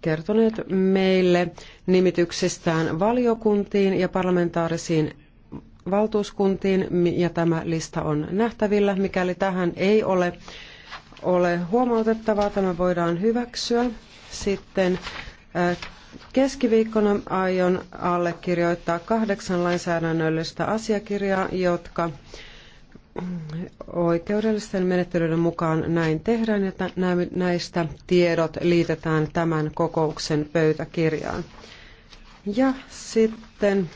kertoneet meille nimityksistään valiokuntiin ja parlamentaarisiin valtuuskuntiin, ja tämä lista on nähtävillä. Mikäli tähän ei ole, ole huomautettavaa, tämä voidaan hyväksyä. Sitten keskiviikkona aion allekirjoittaa kahdeksan lainsäädännöllistä asiakirjaa, jotka Oikeudellisten menettelyiden mukaan näin tehdään ja näistä tiedot liitetään tämän kokouksen pöytäkirjaan. Ja sitten